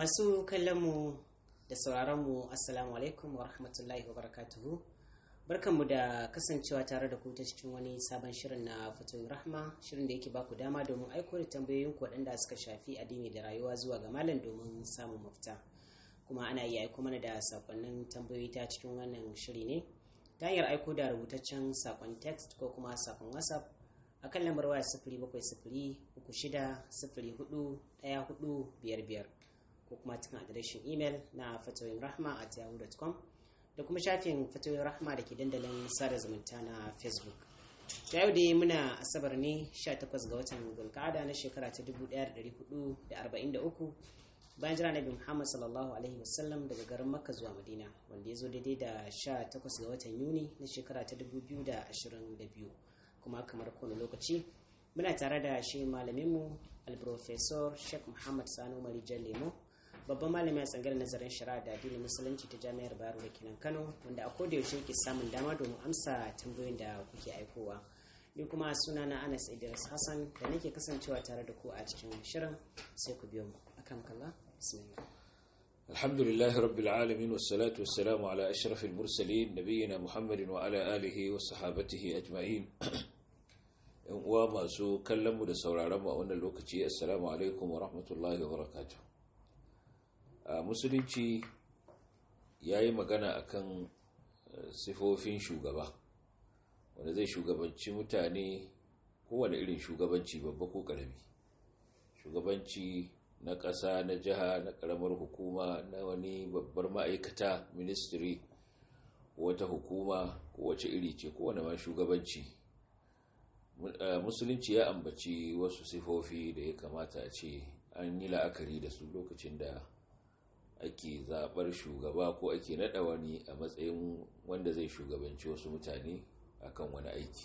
masu kallon mu da sauraron assalamu alaikum wa rahmatullahi wa barakatuhu barkanmu da kasancewa tare da ku ta cikin wani sabon shirin na fatun rahma shirin da yake baku dama domin aiko da tambayoyin ku waɗanda suka shafi addini da rayuwa zuwa ga malam domin samun mafita kuma ana iya aiko mana da sakonnin tambayoyi ta cikin wannan shiri ne ta hanyar aiko da rubutaccen sakon text ko kuma sakon whatsapp akan lambar waya sifiri bakwai sifiri uku shida sifiri hudu ɗaya hudu biyar biyar ko kuma cikin adireshin imel na fatoyin rahma at yahoo.com da kuma shafin fatoyin rahma da ke dandalin sada zumunta na facebook ta yau dai muna asabar ne 18 ga watan gulkada na shekara ta 1443 bayan jira nabi muhammad sallallahu alaihi wasallam daga garin makka zuwa madina wanda ya zo daidai da 18 ga watan yuni na shekara ta 2022 kuma kamar kowane lokaci muna tare da shi malaminmu alprofesor sheikh muhammad sanu marijan lemo babban malami a tsangar nazarin shari'a da addinin musulunci ta jami'ar bayero da kenan kano wanda a koda yaushe yake samun dama domin amsa tambayoyin da kuke aikowa ni kuma suna na anas idris hassan da nake kasancewa tare da ku a cikin shirin sai ku biyo mu akan kalla bismillah الحمد لله رب العالمين والصلاة والسلام على أشرف المرسلين نبينا محمد وعلى آله وصحابته أجمعين وما sauraron كلموا لسورة رمى أن اللوكتي السلام عليكم ورحمة الله وبركاته a musulunci ya yi magana a kan eh, sifofin shugaba wanda zai shugabanci mutane kowane irin shugabanci babba ko karami shugabanci na ƙasa na jiha na ƙaramar hukuma na wani babbar ma'aikata ministry wata hukuma kowace iri ce kowane ma shugabanci eh, musulunci ya ambaci wasu sifofi da ya kamata ce an yi la'akari da su lokacin da ake zaɓar shugaba ko ake naɗa wani a matsayin wanda zai shugabanci wasu mutane akan wani aiki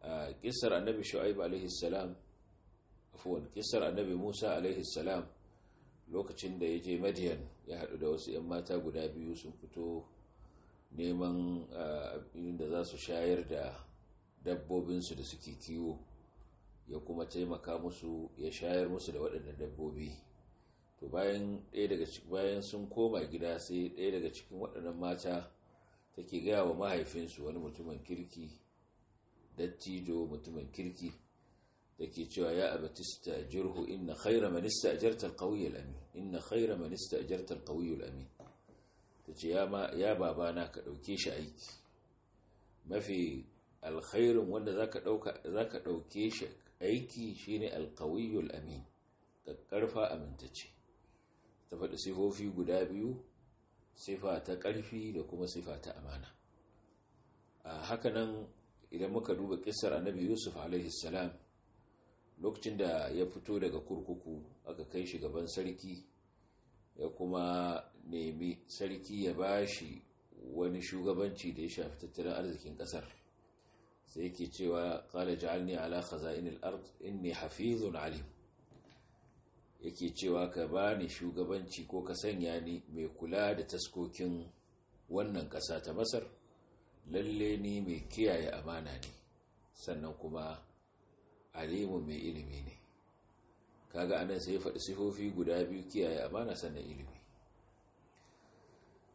a ƙisar annabi shu'aib alaihissalam afuwan ƙisar annabi musa alaihissalam lokacin da ya je madiyan ya haɗu da wasu 'yan mata guda biyu sun fito neman abin da za su shayar da dabbobinsu da suke kiwo ya kuma taimaka musu ya shayar musu da waɗannan dabbobi to bayan ɗaya daga bayan sun koma gida sai ɗaya daga cikin waɗannan mata take gaya wa mahaifinsu wani mutumin kirki dattijo mutumin kirki take cewa ya abatista jirhu inna khaira manista inna khaira manista a jartar alamin amin ta ce ya babana ka ɗauke shi aiki mafi alkhairin wanda zaka ɗauke zaka shi aiki shine alqawiy alamin kakkarfa amintace ta faɗi sifofi guda biyu sifa ta ƙarfi da kuma sifa ta amana a hakanan idan muka duba ƙisar annabi yusuf salam lokacin da ya fito daga kurkuku aka kai shi gaban sarki ya kuma nemi sarki ya ba shi wani shugabanci da ya shafi tattalin arzikin ƙasar sai yake cewa ƙala ja'alni ala khaza'inil ard inni hafizun alim yake cewa ka ba ni shugabanci ko ka sanya ni mai kula da taskokin wannan ƙasa ta masar lalle ni mai kiyaye amana ne sannan kuma alimu mai ilimi ne kaga anan sai faɗi sifofi guda biyu kiyaye amana sannan ilimi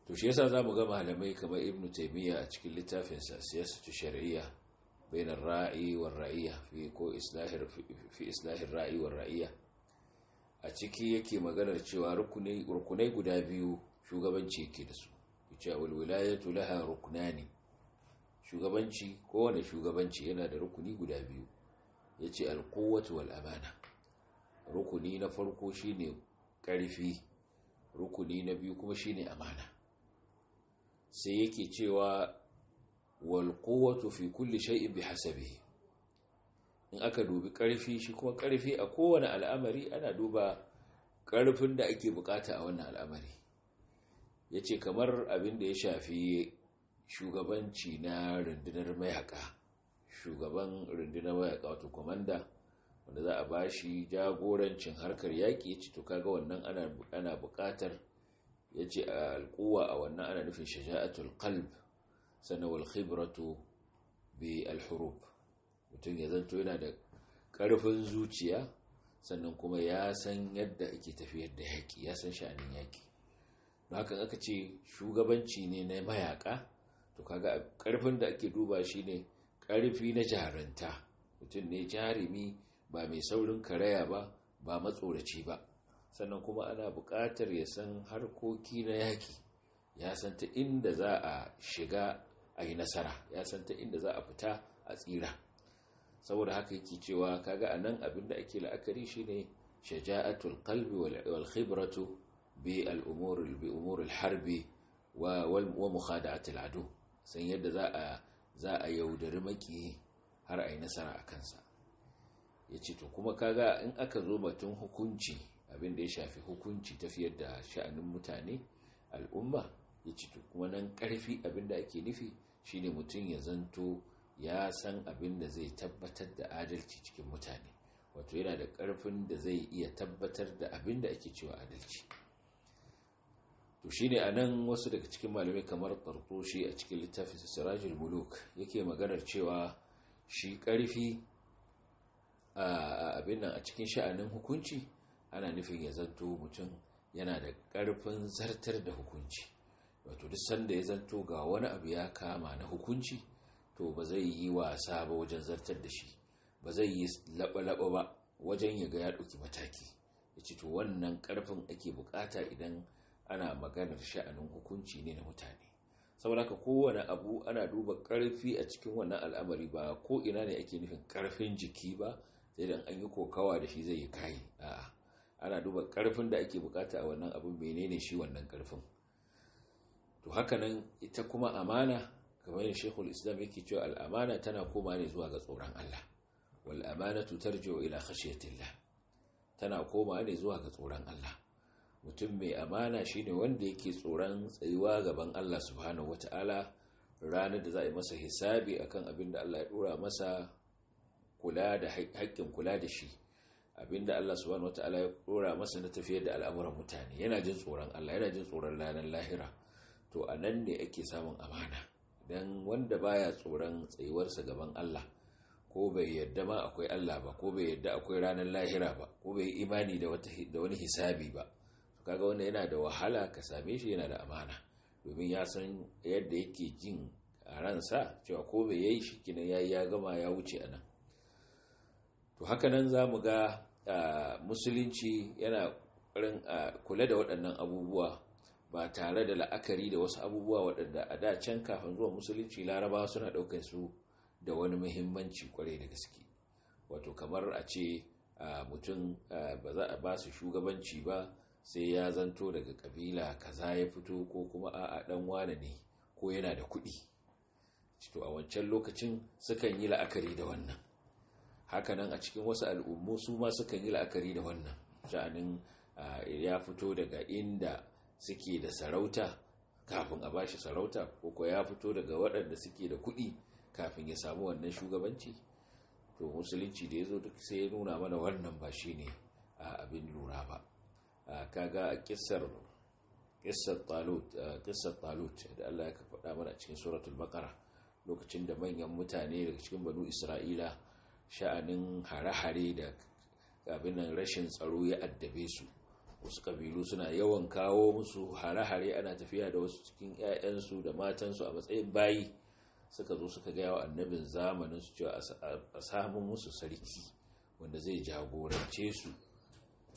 to shi yasa mu ga malamai kamar ibnu Taimiyya a cikin littafin siyasa ta shari'a bain ra'ayi wa war fi ko islahir fi islahir a ciki yake maganar cewa rukunai guda biyu shugabanci yake da su yace alwilayatu laha ne shugabanci kowane shugabanci yana da rukuni guda biyu yace ce wal'amana wal'amana rukuni na farko shine karfi rukuni na biyu kuma shine amana sai yake cewa wal fi fi kulli bi hasabe. in aka dubi ƙarfi shi kuma ƙarfi a kowane al'amari ana duba ƙarfin da ake bukata a wannan al'amari ya ce kamar abin da ya shafi shugabanci na rundunar mayaka shugaban rundunar mayaka wato kwamanda wanda za a ba shi jagorancin harkar yaƙi ya ce to kaga wannan ana buƙatar ya ce a alƙuwa a wannan ana nufin shaja'atul qalb sanawal khibratu bi alhurub mutum ya zanto yana da ƙarfin zuciya sannan kuma ya san yadda ake tafiyar da yaƙi ya san sha'anin yaƙi don haka aka ce shugabanci ne na mayaƙa to kaga ƙarfin da ake duba shi ne ƙarfi na jaranta mutum ne jarumi ba mai saurin karaya ba ba matsoraci ba sannan kuma ana buƙatar ya san harkoki na yaki. ya san ta inda za a shiga a yi nasara ya san ta inda za a fita a tsira saboda haka yake cewa kaga anan abin da ake la'akari shine shaja'atul qalbi wal khibratu bi al umur bi umur al harbi wa wa mukhada'at al adu san yadda za a za a yaudari maki har ai nasara a kansa yace to kuma kaga in aka zo batun hukunci abin da ya shafi hukunci tafiyar da sha'anin mutane al'umma yace to kuma nan karfi abin da ake nufi shine mutun ya zanto ya san abin da zai tabbatar da adalci cikin mutane wato yana da ƙarfin da zai iya tabbatar da abin da ake cewa adalci to shine nan wasu daga cikin malamai kamar Qartushi a cikin littafin Sirajul Muluk yake maganar cewa shi ƙarfi a abin nan a cikin sha'anin hukunci ana nufin ya zanto mutum yana da ƙarfin zartar da hukunci wato duk sanda ya zanto ga wani abu ya kama na hukunci to ba zai yi wasa ba wajen zartar da shi ba zai yi laɓa-laɓa ba wajen ya ga ya ɗauki mataki ya ce to wannan ƙarfin ake buƙata idan ana maganar sha'anin hukunci ne na mutane saboda haka kowane abu ana duba ƙarfi a cikin wannan al'amari ba ko ina ne ake nufin ƙarfin jiki ba sai dan an yi kokawa da shi zai yi kayi a'a ana duba ƙarfin da ake buƙata a wannan abu, menene shi wannan ƙarfin to haka nan ita kuma amana kamar yadda shekul islam yake cewa al'amana tana koma ne zuwa ga tsoron Allah wal amanatu tarji'u ila khashyatillah tana koma ne zuwa ga tsoron Allah mutum mai amana shine wanda yake tsoron tsayuwa gaban Allah subhanahu ranar da za a yi masa hisabi kan abin da Allah ya dora masa kula da haƙƙin kula da shi abinda Allah subhanahu ya dora masa na tafiyar da al'amuran mutane yana jin tsoron Allah yana jin tsoron ranar lahira to a nan ne ake samun amana don wanda baya tsoron tsayuwarsa gaban Allah ko bai yadda ma akwai Allah ba ko bai yadda akwai ranar lahira ba ko bai imani da wani hisabi ba kaga wanda yana da wahala ka same shi yana da amana domin ya san yadda yake jin a ransa cewa ko bai yayi shi kina yayi ya gama ya wuce a nan? to haka nan zamu ga ah, musulunci yana ah, kula da waɗannan abubuwa ba tare da la'akari da wasu abubuwa waɗanda a da can kafin zuwa musulunci laraba suna ɗaukar su da wani muhimmanci kwarai da gaske wato kamar a ce mutum ba za a ba su shugabanci ba sai ya zanto daga kabila kaza ya fito ko kuma a ɗan wane ne ko yana da kuɗi to a wancan lokacin sukan yi la'akari da wannan hakanan a cikin wasu al'ummu su ma sukan yi la'akari da wannan sha'anin ya fito daga inda suke da sarauta kafin a bashi sarauta ko ya fito daga waɗanda suke da kuɗi kafin ya samu wannan shugabanci to musulunci da ya zo duk sai ya nuna mana wannan ba shi ne a abin lura ba kaga kissar kissar talut kissar talut da Allah ya faɗa mana a cikin suratul baqara lokacin da manyan mutane daga cikin banu isra'ila sha'anin hare-hare da abin nan rashin tsaro ya addabe su wasu kabilu suna yawan kawo musu hare-hare ana tafiya da wasu cikin 'ya'yansu da matansu a matsayin bayi suka zo suka gaya wa annabin zamanin su cewa a samun musu sarki wanda zai jagorance su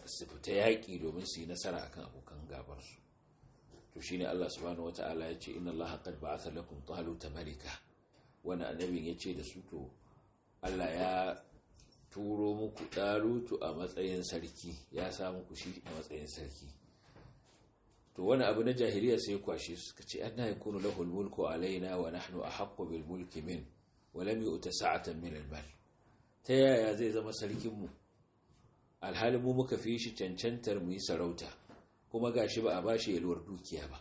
su fita yaƙi domin su yi nasara akan abokan gabarsu to shine Allah subhanahu wata'ala ya ce inna Allah qad ba'atha lakum taluta malika wannan annabin ya ce da su to Allah ya turo muku ɗalutu a matsayin sarki ya sa muku shi a matsayin sarki to wani abu na jahiliya sai kwashe su, ka ce an na yakunu lahul mulku alaina wa nahnu ahaqqu bil mulki min walami mai sa'atan min al ta yaya zai zama sarkinmu? mu alhalin mu muka fi shi cancantar mu yi sarauta kuma ga shi ba a bashi yalwar dukiya ba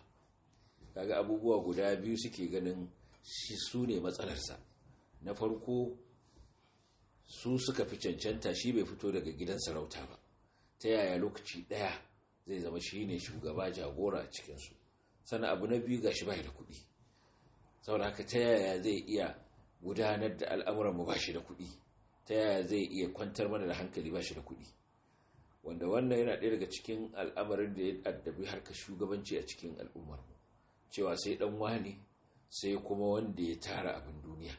kaga abubuwa guda biyu suke ganin shi su ne matsalarsa na farko su suka fi cancanta shi bai fito daga gidan sarauta ba ta yaya lokaci ɗaya zai zama shi ne shugaba jagora a cikinsu Sana abu na biyu gashi bai da kuɗi saboda haka ta yaya zai iya gudanar da al'amuran mu bashi da kuɗi ta yaya zai iya kwantar mana da hankali bashi da kuɗi wanda wannan yana ɗaya daga cikin al'amarin da ya addabi harkar shugabanci a cikin al'ummar mu cewa sai dan wani sai kuma wanda ya tara abin duniya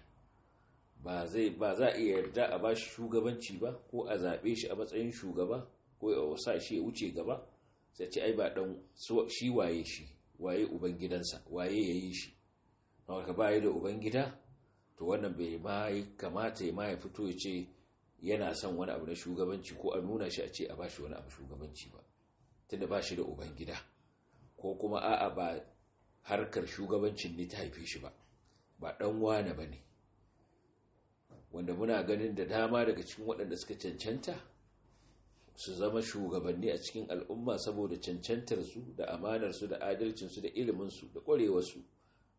ba za a iya yarda a ba shi shugabanci ba ko a zaɓe shi a matsayin shugaba ko a wasa shi ya wuce gaba sai ce ai ba dan shi waye shi waye ubangidansa waye ya yi shi haka ba ya da ubangida to wannan bai ma kamata ya ma ya fito ya ce yana son wani abu na shugabanci ko a nuna shi a ce a ba shi wani abu shugabanci ba tunda ba shi da ubangida ko kuma a'a ba harkar shugabancin ne ta haife shi ba ba dan wane ba ne wanda muna ganin da dama daga cikin waɗanda suka cancanta su zama shugabanni a cikin al'umma saboda cancantarsu da amanarsu da adalcinsu da iliminsu da ƙwarewarsu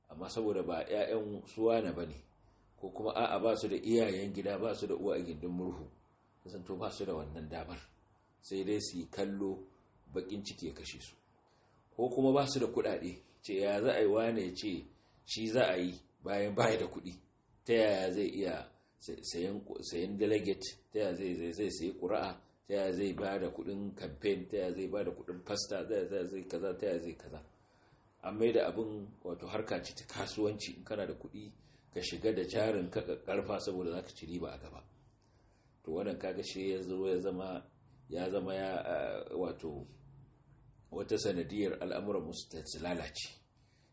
amma saboda ba 'ya'yan suwana ba ne ko kuma a'a ba su da iyayen gida ba su da uwa a gindin murhu kasanto ba su da wannan damar sai dai su yi kallo bakin ciki ya kashe su ko kuma ba su da kuɗaɗe ce ya za a yi wane ce shi za a yi bayan baya da kuɗi ta yaya zai iya sayan delegate ta ya zai zai sayi ƙura'a ta ya zai ba da kuɗin campaign ta ya zai ba da kuɗin pasta ta ya zai kaza ta ya zai kaza an mai da abin wato harka ci ta kasuwanci in kana da kuɗi ka shiga da jarin ka karfa saboda zaka ka ci riba a gaba to wannan kaga shi ya zo ya zama ya zama ya wato wata sanadiyar al'amuran musu ta lalace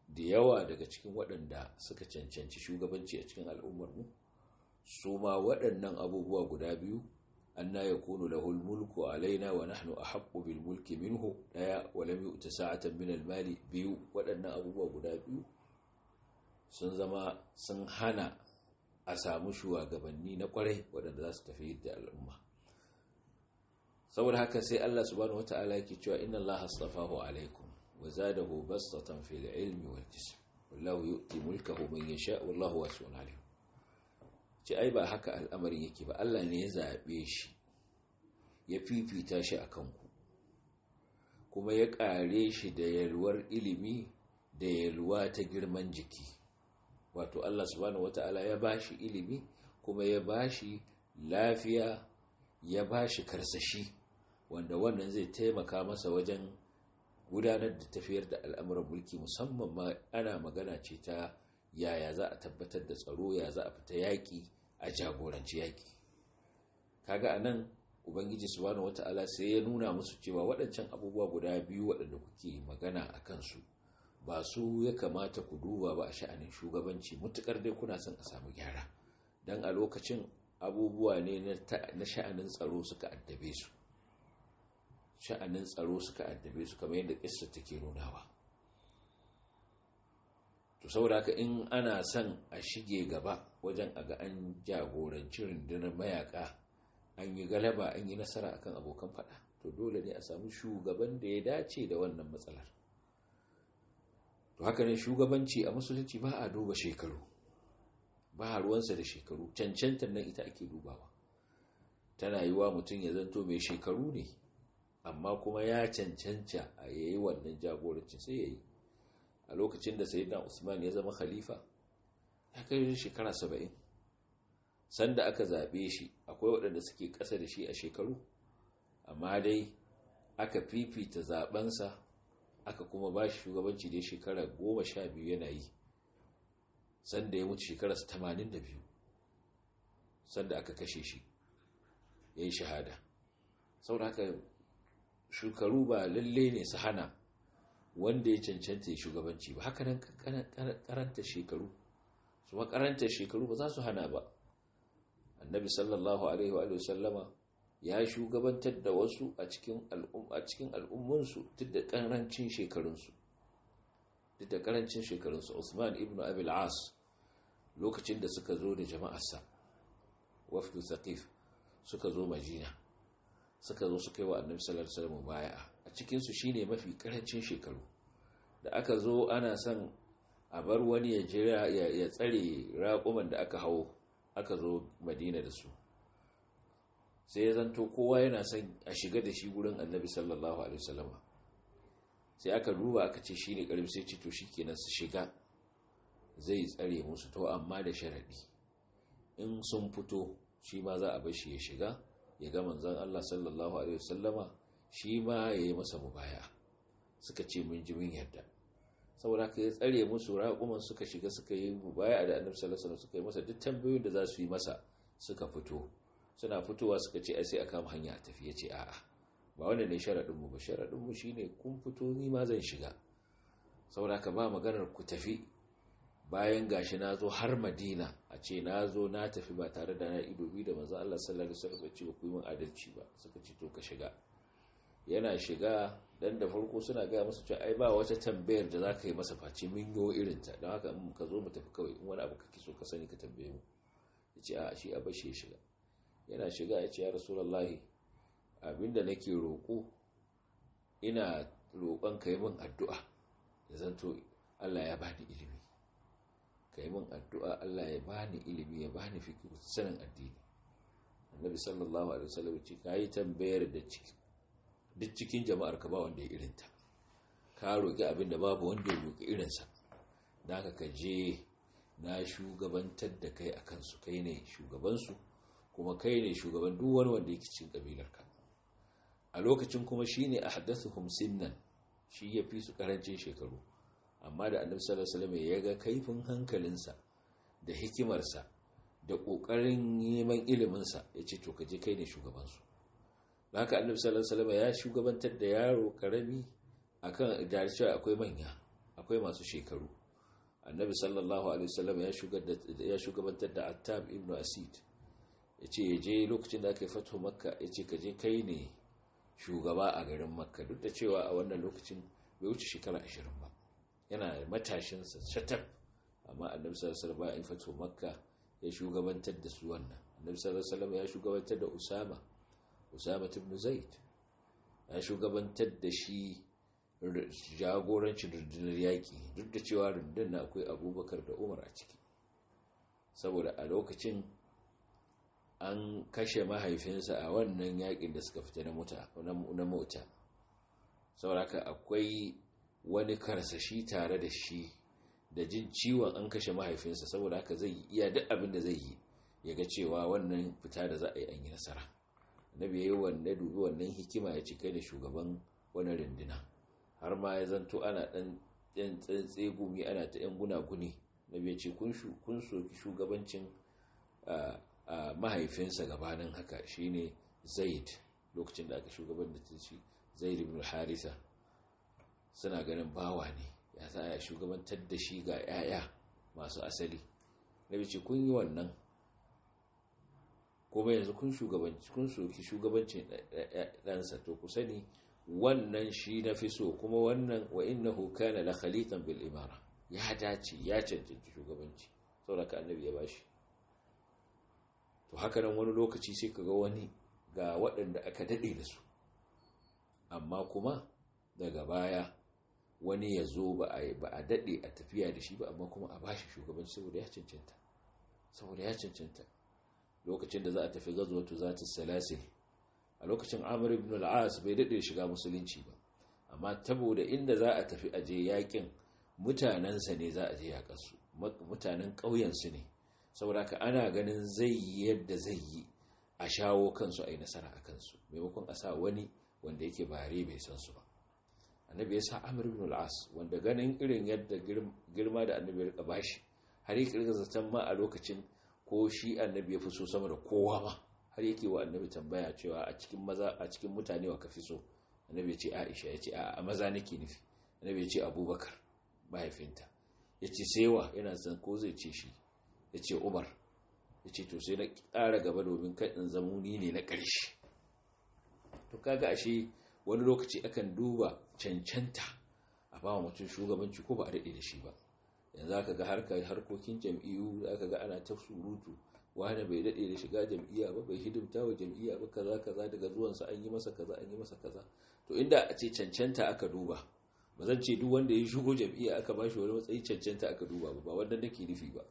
da yawa daga cikin waɗanda suka cancanci shugabanci a cikin al'ummar mu. su ma waɗannan abubuwa guda biyu an na anna da lahu mulku alaina wa nahnu a bil mulki minhu ɗaya wa lam yu'ta sa'atan min mali biyu waɗannan abubuwa guda biyu sun zama sun hana a samu shugabanni na ƙwarai waɗanda za su tafi da al'umma saboda haka sai Allah subhanahu wata'ala yake cewa inna Allah astafahu alaikum wa zadahu bastatan fil ilmi wal jism wallahu yu'ti mulkahu man yasha wallahu wasi'un alim ce ai ba haka al'amarin yake ba Allah ne ya zaɓe shi ya fifita shi a kanku kuma ya ƙare shi da yalwar ilimi da yalwa ta girman jiki wato Allah subhanahu wata'ala ya ba shi ilimi kuma ya ba shi lafiya ya ba shi karsashi wanda wannan zai taimaka masa wajen gudanar da tafiyar da al'amuran mulki musamman ma ana magana ce ta yaya za a tabbatar da tsaro ya za a fita yaƙi a jagoranci yaki kaga a nan ubangiji subhanahu wata'ala sai ya nuna musu cewa waɗancan abubuwa guda biyu waɗanda kuke magana a kansu ba su ya kamata ku duba ba a sha'anin shugabanci mutukar dai kuna son a samu gyara don a lokacin abubuwa ne na sha'anin tsaro suka addabe su sha'anin tsaro suka addabe su kamar yadda ƙissa take nunawa to saboda haka in ana son a shige gaba wajen a ga an jagoranci rundunar mayaka an yi galaba an yi nasara akan abokan fada to dole ne a samu shugaban da ya dace da wannan matsalar to haka ne shugabanci a musulunci ba a duba shekaru ba a ruwansa da shekaru cancantar nan ita ake dubawa tana yi mutum ya zanto mai shekaru ne amma kuma ya cancanta a yayi wannan jagorancin sai yayi. a lokacin da sayyidina usman ya zama khalifa ya kai shekara saba'in sanda aka zaɓe shi akwai waɗanda suke ƙasa da shi a shekaru amma dai aka fifita zaɓensa aka kuma ba shi shugabanci da shekara goma sha yana yi sanda ya mutu shekara tamanin sanda aka kashe shi ya yi shahada sau da haka shukaru ba lalle ne su hana wanda ya cancanta ya shugabanci ba haka nan karanta shekaru su karanta shekaru ba za su hana ba annabi sallallahu alaihi wa sallama ya shugabantar da wasu a cikin al'ummansu duk da karancin shekarunsu duk da karancin shekarunsu usman ibn al as lokacin da suka zo da jama'arsa wafdu saqif suka zo majina suka zo suka yi wa annabi sallallahu alaihi wa sallam baya'a cikinsu shine mafi karancin shekaru da aka zo ana son a bar wani ya jira ya tsare raƙuman da aka hau aka zo madina da su sai ya zanto kowa yana son a shiga da shi wurin annabi sallallahu alaihi wasallama sai aka duba aka ce shine karfi sai ce to shikenan su shiga zai tsare musu to amma da sharadi in sun fito shi ma za a bar shi ya shiga ya ga manzon Allah sallallahu alaihi wasallama shi ma ya yi masa mubaya suka ce mun ji mun yarda saboda ka ya tsare musu raƙuman suka shiga suka yi mubaya da annabi sallallahu alaihi suka yi masa duk tambayoyin da za su yi masa suka fito suna fitowa suka ce ai sai a kama hanya a tafi ce a'a ba wanda ne sharaɗin mu ba sharaɗin mu shine kun fito ni ma zan shiga saboda ka ba maganar ku tafi bayan gashi na zo har madina a ce na zo na tafi ba tare da na bi da manzo Allah sallallahu alaihi wasallam ya ce ku yi mun adalci ba suka ce to ka shiga yana shiga dan da farko suna gaya masa cewa ai ba wata tambayar da za ka yi masa face mun yi irin ta don haka in ka zo mu tafi kawai in wani abu kake so ka sani ka tambaye mu ya ce a shi a bashi ya shiga yana shiga ya ce ya rasulallahi abinda nake roƙo ina roƙon ka yi min addu'a ya zanto Allah ya bani ilimi ka yi min addu'a Allah ya bani ilimi ya bani fikihu sanin addini annabi sallallahu alaihi wasallam ce ka yi tambayar da ciki. duk cikin jama'ar ka ba wanda ya irinta ka roƙi abin da babu wanda ya roƙi irinsa naka ka je na shugabantar da kai a kansu kai ne shugabansu kuma kai ne shugaban duk wani wanda yake cikin ƙabilarka a lokacin kuma shi ne a haddasa humsin nan shi ya fi su ƙarancin shekaru amma da annabi sallallahu alaihi ya ga kaifin hankalinsa da hikimarsa da ƙoƙarin neman iliminsa ya ce to ka je kai ne shugabansu haka annabi sallallahu alaihi wasallam ya shugabantar da yaro karami akan idan cewa akwai manya akwai masu shekaru annabi sallallahu alaihi wasallam ya shugabantar da attab ibn asid ya ce ya je lokacin da aka yi makka ya ce ka je kai ne shugaba a garin makka duk da cewa a wannan lokacin bai wuce shekara ashirin ba yana sa shatab amma annabi sallallahu alaihi wasallam ya fatuhu makka ya shugabantar da su wannan annabi sallallahu alaihi wasallam ya shugabantar da usama usama ibn zaid ya shugabantar da shi jagorancin rundunar yaƙi duk da cewa rundunar akwai abubakar da umar a ciki saboda a lokacin an kashe mahaifinsa a wannan yaƙin da suka fita na mota sauraka akwai wani karsashi tare da shi da jin ciwon an kashe mahaifinsa saboda haka zai iya duk abin da zai yi ya ga cewa wannan fita da za a yi an yi nasara annabi yayi na dubi wannan hikima ya cika da shugaban wani rindina har ma ya zanto ana dan yan tsantsi gumi ana ta yan gunaguni na biya ce kun soki shugabancin mahaifinsa gabanin haka shine zaid lokacin da aka shugaban da shi zaid ibn harisa suna ganin bawa ne ya sa a shugabantar da shi ga 'ya'ya masu asali na biya ce kun yi wannan kuma yanzu kun shugabanci kun soki shugabancin ɗansa to ku sani wannan shi na fi so kuma wannan wa innahu kana la khalitan bil imara ya dace ya cancanci shugabanci saboda annabi ya bashi to haka nan wani lokaci sai kaga wani ga waɗanda aka dade da su amma kuma daga baya wani ya zo ba a daɗe a tafiya da shi ba amma kuma a bashi shugabanci saboda ya cancanta saboda ya cancanta lokacin da za a tafi za zata salasil a lokacin amr ibn al bai dade shiga musulunci ba amma da inda za a tafi aje yakin mutanensa ne za a je yakansu mutanen ƙauyensu ne saboda ka ana ganin zai yi yadda zai yi a shawo kansu a yi nasara a kansu maimakon a sa wani wanda yake bare bai san su ba annabi ya sa amir ibn wanda ganin irin yadda girma da annabi ya rika bashi har yi kirga zaton ma a lokacin ko shi annabi ya fi so sama da kowa ba har yake wa annabi tambaya cewa a cikin maza a cikin mutane wa fi so annabi ya ce Aisha ya ce a maza nake nufi annabi ya ce Abubakar mahaifinta ya ce sai wa yana san ko zai ce shi ya ce Umar ya ce to sai na ƙara gaba domin kan in zamuni ne na ƙarshe to kaga ashe wani lokaci akan duba cancanta a ba mutum shugabanci ko ba a daɗe da shi ba yanzu aka ga harkokin jam'iyyu ka ga ana ta surutu wani bai daɗe da shiga jam'iyya ba bai hidimta wa jam'iyya ba kaza kaza daga zuwansa an yi masa kaza an yi masa kaza to inda a ce cancanta aka duba ba zan ce duk wanda ya shigo jam'iyya aka ba shi wani matsayi cancanta aka duba ba wanda nake nufi ba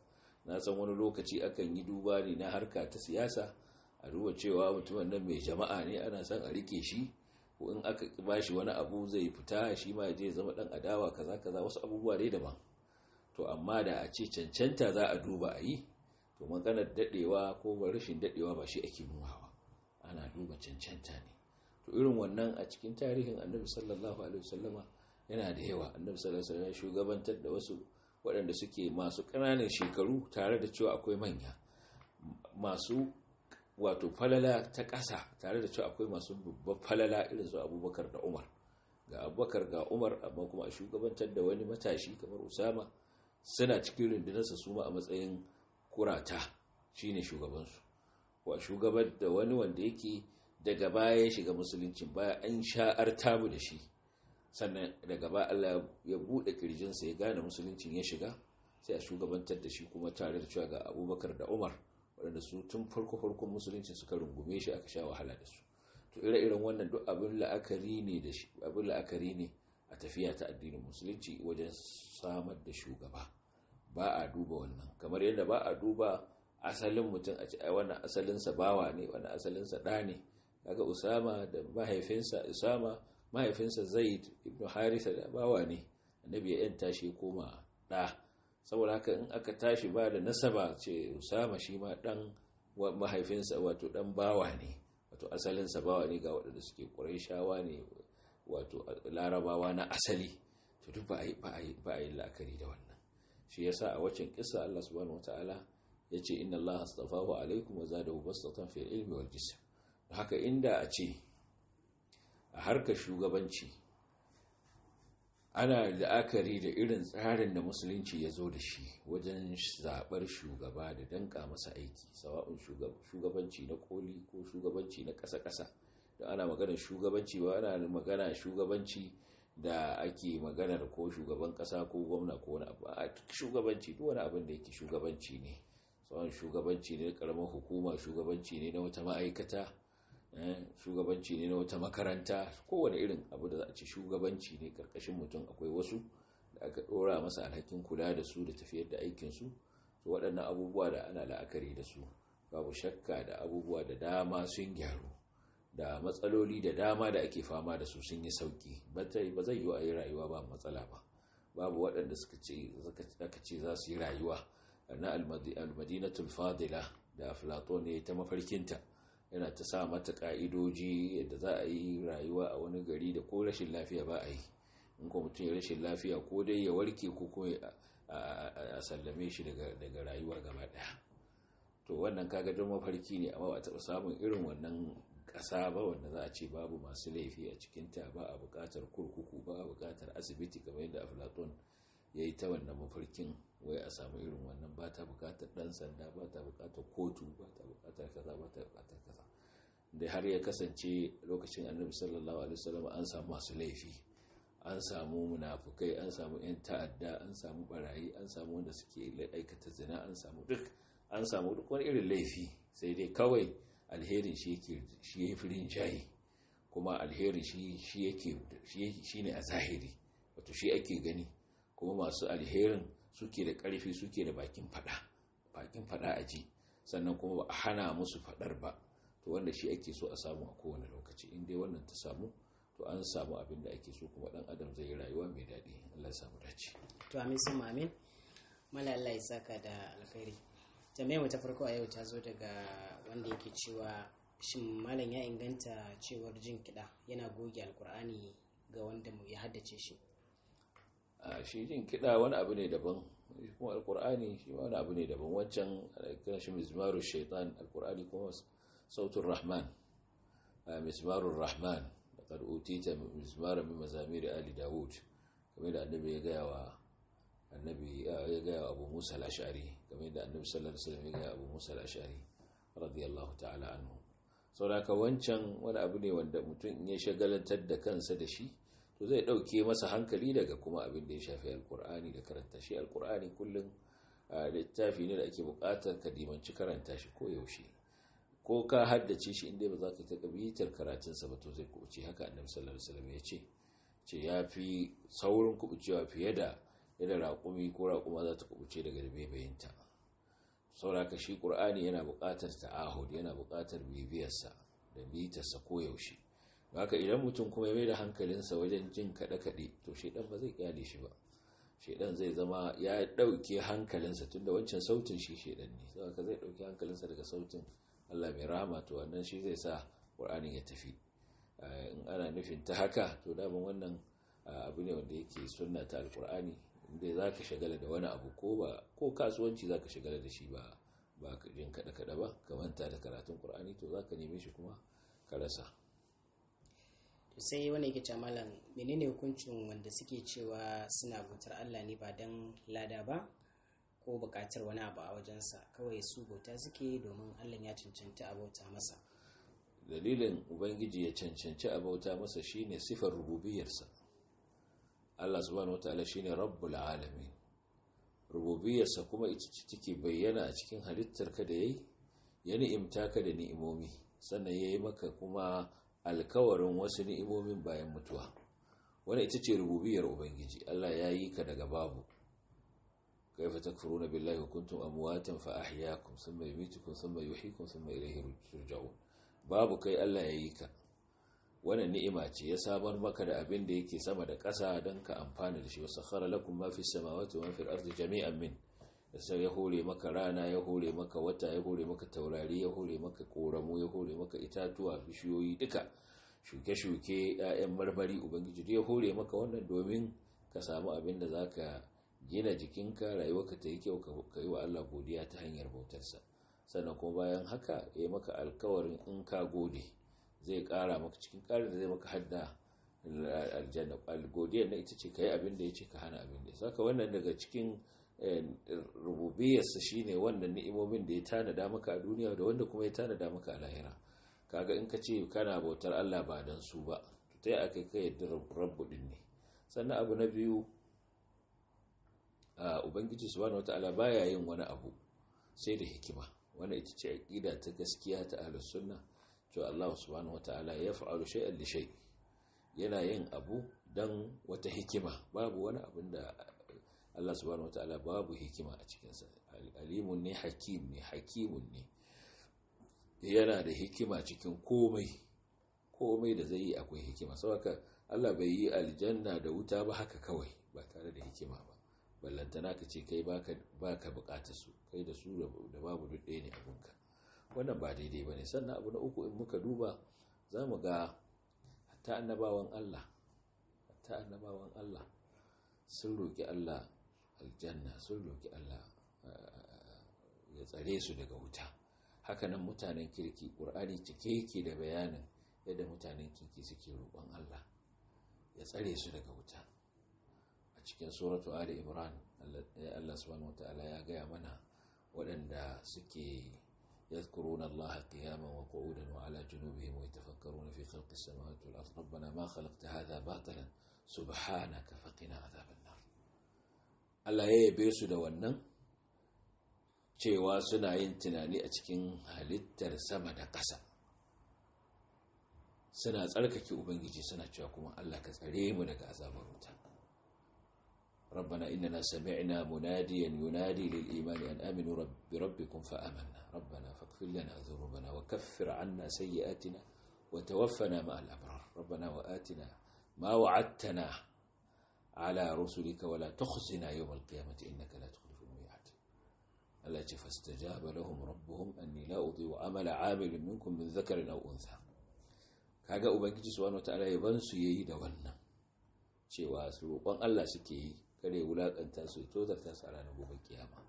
na san wani lokaci akan yi duba ne na harka ta siyasa a duba cewa mutumin nan mai jama'a ne ana son a rike shi ko in aka ba shi wani abu zai fita shi ma ya je zama ɗan adawa kaza kaza wasu abubuwa dai daban to amma da a ce cancanta za a duba a yi to maganar daɗewa ko rashin daɗewa ba shi ake ba ana duba cancanta ne to irin wannan a cikin tarihin annabi sallallahu alaihi wasallama yana da yawa annabi sallallahu alaihi wasallama shugabantar da wasu waɗanda suke masu ƙananan shekaru tare da cewa akwai manya masu wato falala ta ƙasa tare da cewa akwai masu babbar falala irin su abubakar da umar ga abubakar ga umar amma kuma a shugabantar da wani matashi kamar usama suna cikin rundunarsa su ma a matsayin kurata shine shugabansu wa shugabar da wani wanda yake daga baya ya shiga Musulunci baya an sha'ar tabu da shi sannan daga ba Allah ya buɗe kirjinsa ya gane Musulunci ya shiga sai a shugabantar da shi kuma tare da cewa ga abubakar da umar waɗanda su tun farko farkon musulunci suka rungume shi aka sha wahala da su to ire-iren wannan duk abin la'akari ne da shi abin la'akari ne a tafiya ta addinin musulunci wajen samar da shugaba ba a duba wannan kamar yadda ba a duba asalin mutum a wannan asalinsa bawa ne wannan asalinsa ɗa ne daga usama da mahaifinsa usama mahaifinsa zaid ibn harisa da bawa ne annabi ya yanta shi koma ɗa saboda haka in aka tashi ba da nasaba ce usama shi ma ɗan mahaifinsa wato ɗan bawa ne wato asalinsa bawa ne ga waɗanda suke shawa ne wato larabawa na asali to duk ba a yi la'akari da wannan shi yasa a wacin kissa Allah subhanahu wataala ya ce inna Allah astafahu alaikum wa zadahu bastatan fil ilmi wal Da haka inda a ce a harkar shugabanci ana la'akari da irin tsarin da musulunci ya zo da shi wajen zaɓar shugaba da danka masa aiki sawa'un shugabanci na koli ko shugabanci na ƙasa-ƙasa da ana magana shugabanci ba ana magana shugabanci da ake maganar ko shugaban kasa ko gwamna ko wani abu a shugabanci duk wani abin da yake shugabanci ne tsawon shugabanci ne karamar hukuma shugabanci ne na wata ma'aikata eh, shugabanci ne na wata makaranta kowane irin abu da za a ce shugabanci ne karkashin mutum akwai wasu da aka dora masa alhakin kula da su da tafiyar da aikinsu to waɗannan abubuwa da ana la'akari da su babu shakka da abubuwa da dama sun gyaru da matsaloli da dama da ake fama da su sun yi sauki ba zai yi wa yi rayuwa ba matsala ba babu waɗanda suka ce za su yi rayuwa na almadinatul fadila da filato ne ta mafarkinta yana ta sa mata ƙa'idoji yadda za a yi rayuwa a wani gari da ko rashin lafiya ba a yi in ko mutum ya rashin lafiya ko dai ya warke ko ko a sallame shi daga rayuwa gaba ɗaya to wannan kaga don mafarki ne amma ba a taɓa samun irin wannan ƙasa ba wanda za a ce babu masu laifi a cikinta ba a buƙatar kurkuku ba a buƙatar asibiti kamar yadda aflaton ya yi ta wannan mafarkin wai a samu irin wannan ba ta buƙatar ɗan sanda ba ta buƙatar kotu ba ta buƙatar kaza ba ta buƙatar kaza da har ya kasance lokacin annabi sallallahu alaihi wasallam an samu masu laifi an samu munafukai an samu 'yan ta'adda an samu barayi an samu wanda suke aikata zina an samu duk an samu duk wani irin laifi sai dai kawai alherin shi yake shi ya fi rinjaye kuma alherin shi ne a zahiri wato shi ake gani kuma masu alherin suke da karfi suke da bakin fada bakin fada a ji sannan kuma ba a hana musu fadar ba to wanda shi ake so a samu a kowane lokaci in dai wannan ta samu to an samu abin da ake so kuma dan adam zai rayuwa mai daɗi Allah ya samu dace to amin sun amin mala saka da alkhairi tambayar ta farko a yau ta zo daga wanda yake cewa shin malam ya inganta cewar jin kiɗa yana goge alkur'ani ga wanda ya haddace shi a shi jin kiɗa wani abu ne daban kuma alkur'ani shi wani abu ne daban wancan kan shi mizmaru shaitan alkur'ani kuma sautun rahman mizmarun rahman da kar'utita mizmara min mazamiri ali dawud kamar da annabi ya gaya wa annabi ya gaya wa abu musa lashari kamar da annabi sallallahu alaihi wasallam ya abu musa al-ashari radiyallahu ta'ala anhu saboda wancan wani abu ne wanda mutum in ya shagalantar da kansa da shi to zai dauke masa hankali daga kuma abin da ya shafi alkur'ani da karanta shi alkur'ani kullum littafi ne da ake bukatar ka dimanci karanta shi ko yaushe ko ka haddace shi inda ba za ka ta kabitar karatunsa ba to zai kubuce haka annabi sallallahu alaihi wasallam ya ce ce ya fi saurin kubucewa fiye da yadda raƙumi ko raƙuma za ta kubuce daga da bayanta sauraka shi ƙur'ani yana buƙatar ta'ahud yana buƙatar bibiyarsa da bitarsa koyaushe haka idan mutum kuma ya mai da hankalinsa wajen jin kaɗe-kaɗe to shaidan ba zai kyale shi ba shaidan zai zama ya ɗauke hankalinsa tunda wancan sautin shi shaidan ne saboda zai ɗauke hankalinsa daga sautin Allah mai rahama to wannan shi zai sa ƙur'ani ya tafi eh, in ana nufin ta haka to daman wannan ah, abu ne wanda yake sunna ta alƙur'ani inda za ka shagala da wani abu ko ba ko kasuwanci za ka shagala da shi ba ba jin kaɗe-kaɗe ba ka manta da karatun ƙur'ani to za ka neme shi kuma ka rasa sai wani yake malam menene hukuncin wanda suke cewa suna bautar Allah ne ba don lada ba ko buƙatar wani abu a wajensa kawai su bauta suke domin Allah ya cancanta a bauta masa dalilin ubangiji ya cancanci a bauta masa shine sifar rububiyarsa Allah subhanahu wataala shine rabbul alamin rububiyarsa kuma ita ce take bayyana a cikin halittar ka da yayi ya ni'imta ka da ni'imomi sannan yayi maka kuma alkawarin wasu ni'imomin bayan mutuwa wannan ita ce rububiyar ubangiji Allah ya yi ka daga babu kaifa takfuruna billahi wa kuntum amwatan fa ahyaakum thumma yumitukum thumma yuhyikum thumma ilayhi turja'un babu kai Allah ya yi ka wannan ni'ima ce ya sabar maka da abin da yake sama da ƙasa don ka amfana da shi wa sakhara lakum ma fi samawati wa fi ardi jami'an min sai ya hore maka rana ya hore maka wata ya hore maka taurari ya hore maka koramu ya hore maka itatuwa bishiyoyi duka shuke-shuke 'ya'yan marmari ubangiji ya hore maka wannan domin ka samu abin da zaka gina jikinka rayuwarka ta yi kyau ka yi wa Allah godiya ta hanyar bautarsa sannan kuma bayan haka ya maka alkawarin in ka gode zai kara maka cikin karin da zai maka hadda aljanna godiyar na ita ce ka yi abin da ya ce ka hana abin da ya saka wannan daga cikin eh, rububiyarsa shi ne wannan ni'imomin da ya tanada maka a duniya da wanda kuma ya tanada maka a lahira kaga in ka ce kana bautar Allah ba dan su ba to yi aka kai yadda rabbu din ne sannan abu na biyu a ah, ubangiji subhanahu wata baya yin wani abu sai da hikima wani ita ce ƙida ta gaskiya ta ahalar sunna To Allah subhanahu ta'ala ya fa'alu shay'an da shay yana yin abu dan wata hikima babu wani abin da Allah subhanahu ta’ala babu hikima a cikin sa alimun ne hakim ne hakimun ne yana da hikima cikin komai komai da zai yi akwai hikima saboda Allah bai yi aljanna da wuta ba haka kawai ba tare da hikima ba ballantana ka ce kai baka baka bukatar su kai da su da babu duk ɗaya ne abinka wannan ba daidai ba ne sannan abu na uku in muka duba za mu ga hatta annabawan Allah hatta annabawan Allah sun roƙi Allah aljanna sun roƙi Allah eh, ya tsare su daga wuta Haka nan mutanen kirki ƙur'ani cike yake da bayanin yadda mutanen kirki suke roƙon Allah ya tsare su daga wuta a cikin suratu ali imran Allah subhanahu wataala ya gaya mana waɗanda suke يذكرون الله قياما وقعودا وعلى جنوبهم ويتفكرون في خلق السماوات والأرض ربنا ما خلقت هذا باطلا سبحانك فقنا عذاب النار Allah ya yabe su da wannan cewa suna yin tunani a cikin halittar sama da ƙasa suna tsarkake ubangiji suna cewa kuma Allah ka tsare mu daga azabar wuta ربنا إننا سمعنا مناديا ينادي للإيمان أن آمنوا بربكم فآمنا ربنا فاغفر لنا ذنوبنا وكفر عنا سيئاتنا وتوفنا مع الأبرار ربنا وآتنا ما وعدتنا على رسلك ولا تخزنا يوم القيامة إنك لا تخلف الميعاد التي فاستجاب لهم ربهم أني لا أضيع عمل عامل منكم من ذكر أو أنثى كاجا أبنجي سبحانه وتعالى يبنس ban su yayi da wannan cewa kare wulakanta su tozarta su a ranar gobe kiyama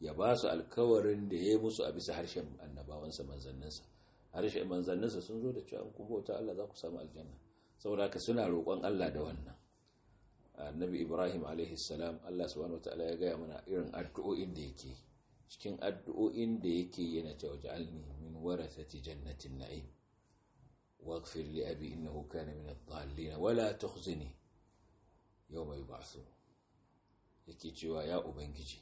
ya ba su alkawarin da ya yi musu a bisa harshen annabawansa manzanninsa harshen manzanninsa sun zo da cewa an kuma bauta Allah za ku samu aljanna saboda ka suna roƙon Allah da wannan annabi Ibrahim alaihi salam Allah subhanahu wataala ya gaya mana irin addu'o'in da yake cikin addu'o'in da yake yana cewa ja'alni min warasati jannatin na'im واغفر لأبي إنه كان من الضالين ولا تخزني يوم يبعثون yake cewa ya ubangiji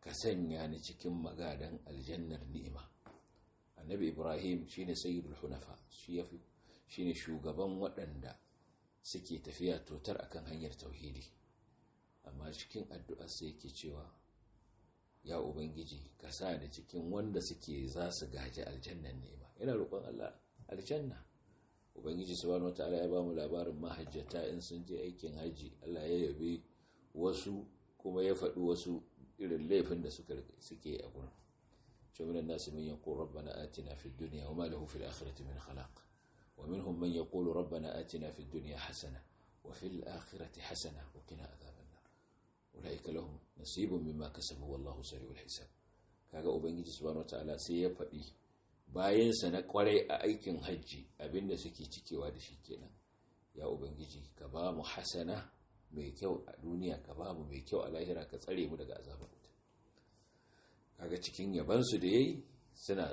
ka sanya ni cikin magadan aljannar ni'ima annabi ibrahim shine sayyidul hunafa shi yafi shine shugaban waɗanda suke tafiya totar akan hanyar tauhidi amma cikin addu'ar sai yake cewa ya ubangiji ka sa ni cikin wanda suke za su gaji aljannar ni'ima ina roƙon Allah aljanna ubangiji subhanahu wataala ya ba mu labarin mahajjata in sun je aikin haji Allah ya yabe wasu kuma ya faɗi wasu irin laifin da suke a gurin shaminan nasu min yankun rabbana atina fi duniya wa malahu fil akhirati min khalaq wa minhum man yaqulu rabbana atina fi duniya hasana wa fil akhirati hasana wa qina adhaban nar ulaika lahum nasibun mimma kasabu wallahu sari'ul hisab kaga ubangiji subhanahu ta'ala sai ya faɗi bayansa na kwarai a aikin hajji abinda suke cikewa da shi kenan ya ubangiji ka ba mu hasana mai kyau a duniya ka ba mu mai kyau a lahira ka tsare mu daga azabar wuta kaga cikin yabansu da yayi suna